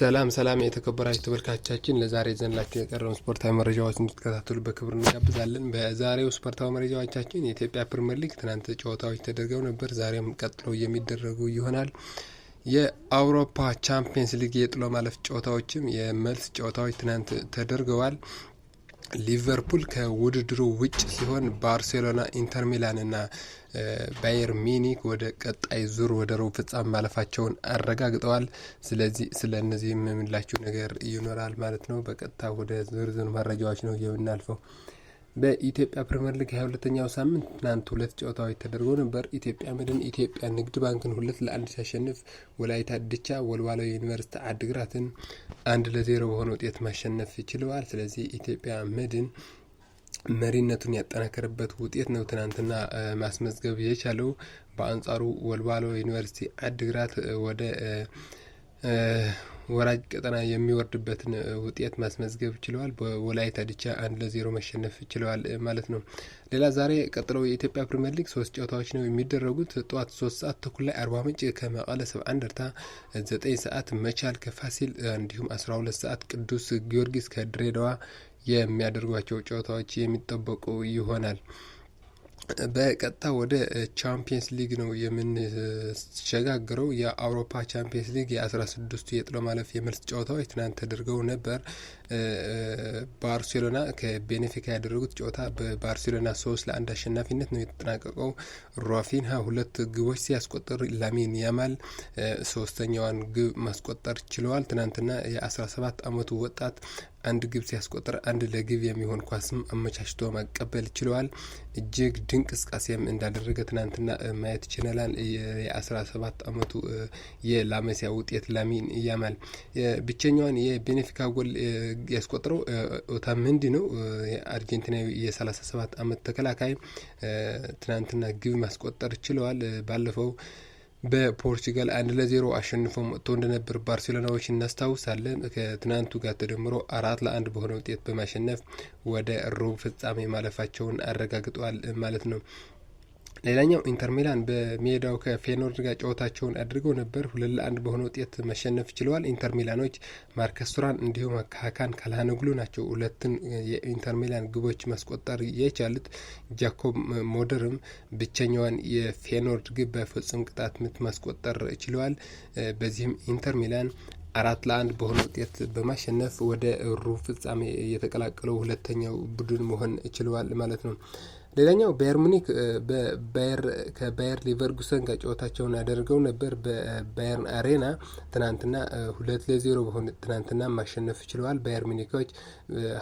ሰላም ሰላም የተከበራችሁ ተመልካቻችን፣ ለዛሬ ዘንላችሁ የቀረውን ስፖርታዊ መረጃዎች እንድትከታተሉ በክብር እንጋብዛለን። በዛሬው ስፖርታዊ መረጃዎቻችን የኢትዮጵያ ፕሪምየር ሊግ ትናንት ጨዋታዎች ተደርገው ነበር፣ ዛሬም ቀጥሎ የሚደረጉ ይሆናል። የአውሮፓ ቻምፒየንስ ሊግ የጥሎ ማለፍ ጨዋታዎችም የመልስ ጨዋታዎች ትናንት ተደርገዋል። ሊቨርፑል ከውድድሩ ውጭ ሲሆን ባርሴሎና፣ ኢንተር ሚላን እና ባየር ሚኒክ ወደ ቀጣይ ዙር ወደ ሩብ ፍጻሜ ማለፋቸውን አረጋግጠዋል። ስለዚህ ስለ እነዚህ የምንላችሁ ነገር ይኖራል ማለት ነው። በቀጥታ ወደ ዝርዝር መረጃዎች ነው የምናልፈው። በኢትዮጵያ ፕሪምየር ሊግ 22ኛው ሳምንት ትናንት ሁለት ጨዋታዎች ተደርገው ነበር። ኢትዮጵያ መድን ኢትዮጵያ ንግድ ባንክን ሁለት ለአንድ ሲያሸንፍ፣ ወላይታ ድቻ ወልዋሎ ዩኒቨርሲቲ አድግራትን አንድ ለዜሮ በሆነ ውጤት ማሸነፍ ችለዋል። ስለዚህ ኢትዮጵያ መድን መሪነቱን ያጠናከረበት ውጤት ነው ትናንትና ማስመዝገብ የቻለው። በአንጻሩ ወልዋሎ ዩኒቨርሲቲ አድግራት ወደ ወራጅ ቀጠና የሚወርድበትን ውጤት ማስመዝገብ ችለዋል። በወላይታ ድቻ አንድ ለዜሮ መሸነፍ ችለዋል ማለት ነው። ሌላ ዛሬ ቀጥለው የኢትዮጵያ ፕሪምየር ሊግ ሶስት ጨዋታዎች ነው የሚደረጉት። ጠዋት ሶስት ሰዓት ተኩል ላይ አርባ ምንጭ ከመቀለ ሰብዓ እንደርታ፣ ዘጠኝ ሰዓት መቻል ከፋሲል እንዲሁም አስራ ሁለት ሰዓት ቅዱስ ጊዮርጊስ ከድሬዳዋ የሚያደርጓቸው ጨዋታዎች የሚጠበቁ ይሆናል። በቀጥታ ወደ ቻምፒየንስ ሊግ ነው የምንሸጋግረው። የአውሮፓ ቻምፒየንስ ሊግ የአስራ ስድስቱ የጥሎ ማለፍ የመልስ ጨዋታዎች ትናንት ተደርገው ነበር። ባርሴሎና ከቤኔፊካ ያደረጉት ጨዋታ በባርሴሎና ሶስት ለአንድ አሸናፊነት ነው የተጠናቀቀው። ራፊንሃ ሁለት ግቦች ሲያስቆጠር ላሚን ያማል ሶስተኛዋን ግብ ማስቆጠር ችለዋል። ትናንትና የአስራ ሰባት አመቱ ወጣት አንድ ግብ ሲያስቆጥር አንድ ለግብ የሚሆን ኳስም አመቻችቶ ማቀበል ችለዋል። እጅግ ድንቅ እንቅስቃሴም እንዳደረገ ትናንትና ማየት ችለናል። የአስራ ሰባት አመቱ የላመሲያ ውጤት ላሚን ያማል ብቸኛዋን የቤኔፊካ ጎል ያስቆጥረው ኦታሜንዲ ነው። አርጀንቲናዊ የሰላሳ ሰባት አመት ተከላካይ ትናንትና ግብ ማስቆጠር ችለዋል። ባለፈው በፖርቹጋል አንድ ለዜሮ አሸንፎ መጥቶ እንደነበር ባርሴሎናዎች እናስታውሳለን። ከትናንቱ ጋር ተደምሮ አራት ለአንድ በሆነ ውጤት በማሸነፍ ወደ ሩብ ፍጻሜ ማለፋቸውን አረጋግጧል ማለት ነው። ሌላኛው ኢንተር ሚላን በሜዳው ከፌኖርድ ጋር ጨዋታቸውን አድርገው ነበር። ሁለት ለአንድ በሆነ ውጤት መሸነፍ ችለዋል። ኢንተር ሚላኖች ማርከስ ቱራን እንዲሁም ካካን ካልሃነግሉ ናቸው ሁለትን የኢንተር ሚላን ግቦች ማስቆጠር የቻሉት። ጃኮብ ሞደርም ብቸኛዋን የፌኖርድ ግብ በፍጹም ቅጣት ምት ማስቆጠር ችለዋል። በዚህም ኢንተር ሚላን አራት ለአንድ በሆነ ውጤት በማሸነፍ ወደ ሩብ ፍጻሜ የተቀላቀለው ሁለተኛው ቡድን መሆን ችለዋል ማለት ነው። ሌላኛው ባየር ሙኒክ በባየር ከባየር ሊቨርጉሰን ጋር ጨዋታቸውን አደርገው ነበር በባየርን አሬና ትናንትና ሁለት ለዜሮ በሆነ ትናንትና ማሸነፍ ችለዋል። ባየር ሙኒኮች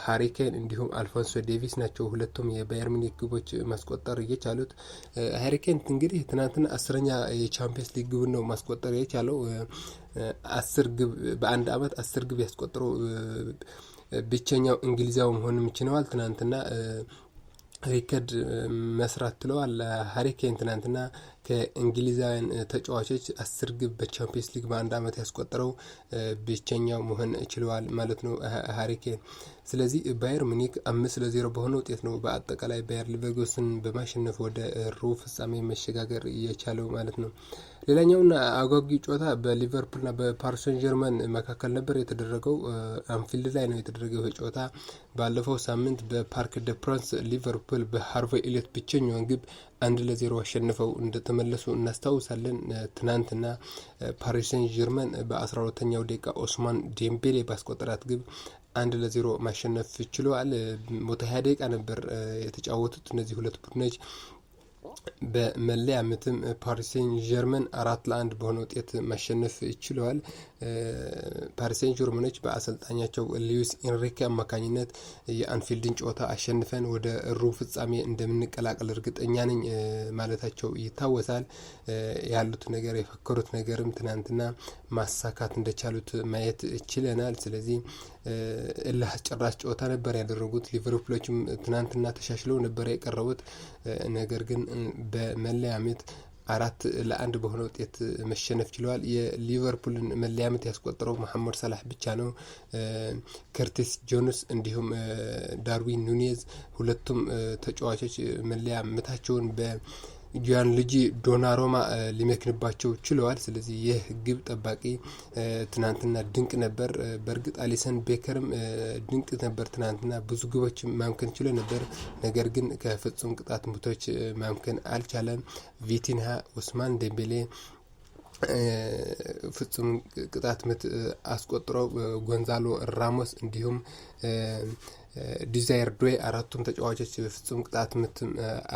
ሀሪኬን እንዲሁም አልፎንሶ ዴቪስ ናቸው ሁለቱም የባየር ሙኒክ ግቦች ማስቆጠር እየቻሉት። ሀሪኬን እንግዲህ ትናንትና አስረኛ የቻምፒየንስ ሊግ ግብ ነው ማስቆጠር የቻለው አስር ግብ በአንድ አመት አስር ግብ ያስቆጠረው ብቸኛው እንግሊዛዊ መሆንም ችለዋል ትናንትና ሪከርድ መስራት ትለዋል። ሀሪኬን ትናንትና ከእንግሊዛውያን ተጫዋቾች አስር ግብ በቻምፒየንስ ሊግ በአንድ አመት ያስቆጠረው ብቸኛው መሆን ችለዋል ማለት ነው ሀሪኬን። ስለዚህ ባየር ሙኒክ አምስት ለዜሮ በሆነ ውጤት ነው በአጠቃላይ ባየር ሊቨርጎስን በማሸነፍ ወደ ሩብ ፍጻሜ መሸጋገር የቻለው ማለት ነው። ሌላኛውና አጓጊ ጨዋታ በሊቨርፑልና በፓሪስ ሴን ጀርመን መካከል ነበር የተደረገው። አንፊልድ ላይ ነው የተደረገው ጨዋታ። ባለፈው ሳምንት በፓርክ ደ ፕራንስ ሊቨርፑል በሃርቬይ ኢሌት ብቸኛውን ግብ አንድ ለዜሮ አሸንፈው እንደተመ እንደተመለሱ እናስታውሳለን። ትናንትና ፓሪሰን ጀርመን በ12ተኛው ደቂቃ ኦስማን ዴምቤሌ ባስቆጠራት ግብ አንድ ለዜሮ ማሸነፍ ችለዋል። ሞታ ሀያ ደቂቃ ነበር የተጫወቱት እነዚህ ሁለት ቡድኖች። በመለያ ምትም ፓሪሴን ጀርመን አራት ለአንድ በሆነ ውጤት ማሸነፍ ችለዋል። ፓሪሴን ጀርመኖች በአሰልጣኛቸው ሊዩስ ኢንሪኬ አማካኝነት የአንፊልድን ጨዋታ አሸንፈን ወደ ሩብ ፍጻሜ እንደምንቀላቀል እርግጠኛ ነኝ ማለታቸው ይታወሳል። ያሉት ነገር የፈከሩት ነገርም ትናንትና ማሳካት እንደቻሉት ማየት ችለናል። ስለዚህ እልህ ጭራሽ ጨዋታ ነበር ያደረጉት። ሊቨርፑሎችም ትናንትና ተሻሽለው ነበር የቀረቡት። ነገር ግን በመለያ ምት አራት ለአንድ በሆነ ውጤት መሸነፍ ችለዋል። የሊቨርፑልን መለያ ምት ያስቆጠረው መሐመድ ሰላህ ብቻ ነው። ከርቲስ ጆንስ እንዲሁም ዳርዊን ኑኔዝ ሁለቱም ተጫዋቾች መለያ ምታቸውን በ ጊያንሉጂ ዶናሮማ ሊመክንባቸው ችለዋል። ስለዚህ ይህ ግብ ጠባቂ ትናንትና ድንቅ ነበር። በእርግጥ አሊሰን ቤከርም ድንቅ ነበር። ትናንትና ብዙ ግቦች ማምከን ችሎ ነበር። ነገር ግን ከፍጹም ቅጣት ምቶች ማምከን አልቻለም። ቪቲንሃ፣ ኡስማን ደምቤሌ ፍጹም ቅጣት ምት አስቆጥሮ ጎንዛሎ ራሞስ እንዲሁም ዲዛይር ዶ አራቱም ተጫዋቾች በፍጹም ቅጣት ምት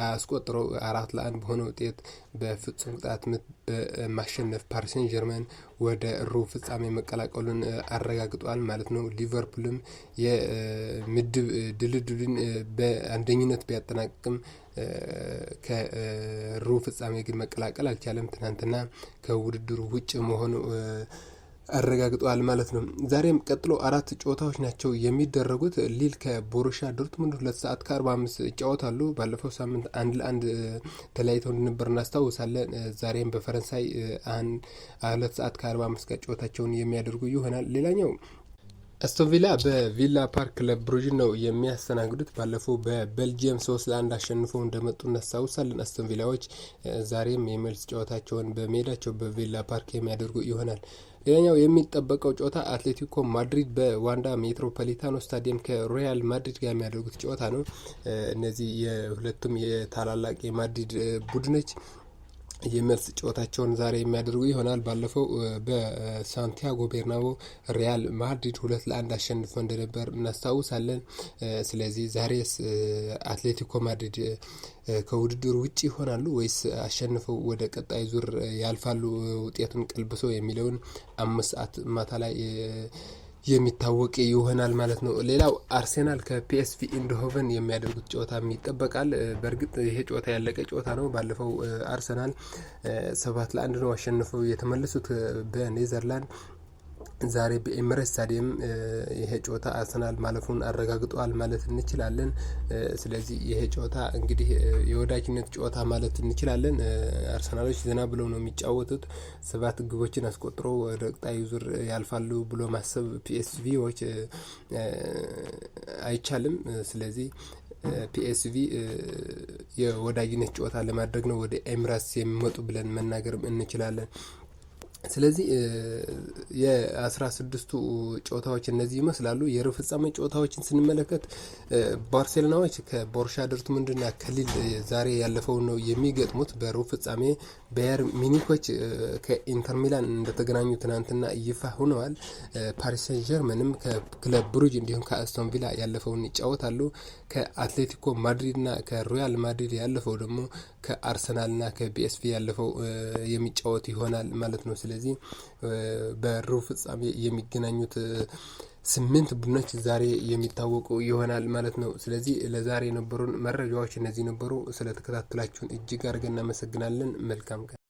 አያስቆጥረው አራት ለአንድ በሆነ ውጤት በፍጹም ቅጣት ምት በማሸነፍ ፓሪሴን ጀርመን ወደ ሩብ ፍጻሜ መቀላቀሉን አረጋግጧል ማለት ነው። ሊቨርፑልም የምድብ ድልድሉን በአንደኝነት ቢያጠናቅቅም ከሩብ ፍጻሜ ግን መቀላቀል አልቻለም። ትናንትና ከውድድሩ ውጭ መሆኑ አረጋግጠዋል ማለት ነው። ዛሬም ቀጥሎ አራት ጨዋታዎች ናቸው የሚደረጉት። ሊል ከቦሮሻ ዶርትሙንድ ሁለት ሰዓት ከአርባ አምስት ይጫወታሉ። ባለፈው ሳምንት አንድ ለአንድ ተለያይተው እንደነበር እናስታውሳለን። ዛሬም በፈረንሳይ ሁለት ሰዓት ከአርባ አምስት ጋር ጨዋታቸውን የሚያደርጉ ይሆናል። ሌላኛው አስቶን ቪላ በቪላ ፓርክ ለብሩጅ ነው የሚያስተናግዱት። ባለፈው በቤልጅየም ሶስት ለአንድ አሸንፎ እንደመጡ እናስታውሳለን። አስቶን ቪላዎች ዛሬም የመልስ ጨዋታቸውን በሜዳቸው በቪላ ፓርክ የሚያደርጉ ይሆናል። ሌላኛው የሚጠበቀው ጨዋታ አትሌቲኮ ማድሪድ በዋንዳ ሜትሮፖሊታኖ ስታዲየም ከሮያል ማድሪድ ጋር የሚያደርጉት ጨዋታ ነው። እነዚህ የሁለቱም የታላላቅ የማድሪድ ቡድኖች የመልስ ጨዋታቸውን ዛሬ የሚያደርጉ ይሆናል። ባለፈው በሳንቲያጎ ቤርናቦ ሪያል ማድሪድ ሁለት ለአንድ አሸንፎ እንደነበር እናስታውሳለን። ስለዚህ ዛሬስ አትሌቲኮ ማድሪድ ከውድድሩ ውጭ ይሆናሉ ወይስ አሸንፈው ወደ ቀጣይ ዙር ያልፋሉ ውጤቱን ቀልብሶ የሚለውን አምስት ሰዓት ማታ ላይ የሚታወቅ ይሆናል ማለት ነው። ሌላው አርሴናል ከፒኤስቪ ኢንድሆቨን የሚያደርጉት ጨዋታም ይጠበቃል። በእርግጥ ይሄ ጨዋታ ያለቀ ጨዋታ ነው። ባለፈው አርሰናል ሰባት ለአንድ ነው አሸንፈው የተመለሱት በኔዘርላንድ ዛሬ በኤምረስ ስታዲየም ይሄ ጨዋታ አርሰናል ማለፉን አረጋግጠዋል ማለት እንችላለን። ስለዚህ ይሄ ጨዋታ እንግዲህ የወዳጅነት ጨዋታ ማለት እንችላለን። አርሰናሎች ዘና ብለው ነው የሚጫወቱት። ሰባት ግቦችን አስቆጥሮ ወደ ቀጣዩ ዙር ያልፋሉ ብሎ ማሰብ ፒኤስቪዎች አይቻልም። ስለዚህ ፒኤስቪ የወዳጅነት ጨዋታ ለማድረግ ነው ወደ ኤምራስ የሚመጡ ብለን መናገርም እንችላለን። ስለዚህ የአስራ ስድስቱ ጨዋታዎች እነዚህ ይመስላሉ። የሩብ ፍጻሜ ጨዋታዎችን ስንመለከት ባርሴሎናዎች ከቦርሻ ዶርትሙንድና ከሊል ዛሬ ያለፈው ነው የሚገጥሙት። በሩብ ፍጻሜ ባየር ሚኒኮች ከኢንተር ሚላን እንደተገናኙ ትናንትና ይፋ ሆነዋል። ፓሪስ ጀርመንም ከክለብ ብሩጅ እንዲሁም ከአስቶን ቪላ ያለፈውን ይጫወታሉ። ከአትሌቲኮ ማድሪድና ከሮያል ማድሪድ ያለፈው ደግሞ ከአርሰናልና ከፒኤስቪ ያለፈው የሚጫወት ይሆናል ማለት ነው። ስለዚህ በሩብ ፍጻሜ የሚገናኙት ስምንት ቡድኖች ዛሬ የሚታወቁ ይሆናል ማለት ነው። ስለዚህ ለዛሬ የነበሩን መረጃዎች እነዚህ ነበሩ። ስለተከታተላችሁን እጅግ አድርገን እናመሰግናለን። መልካም ቀን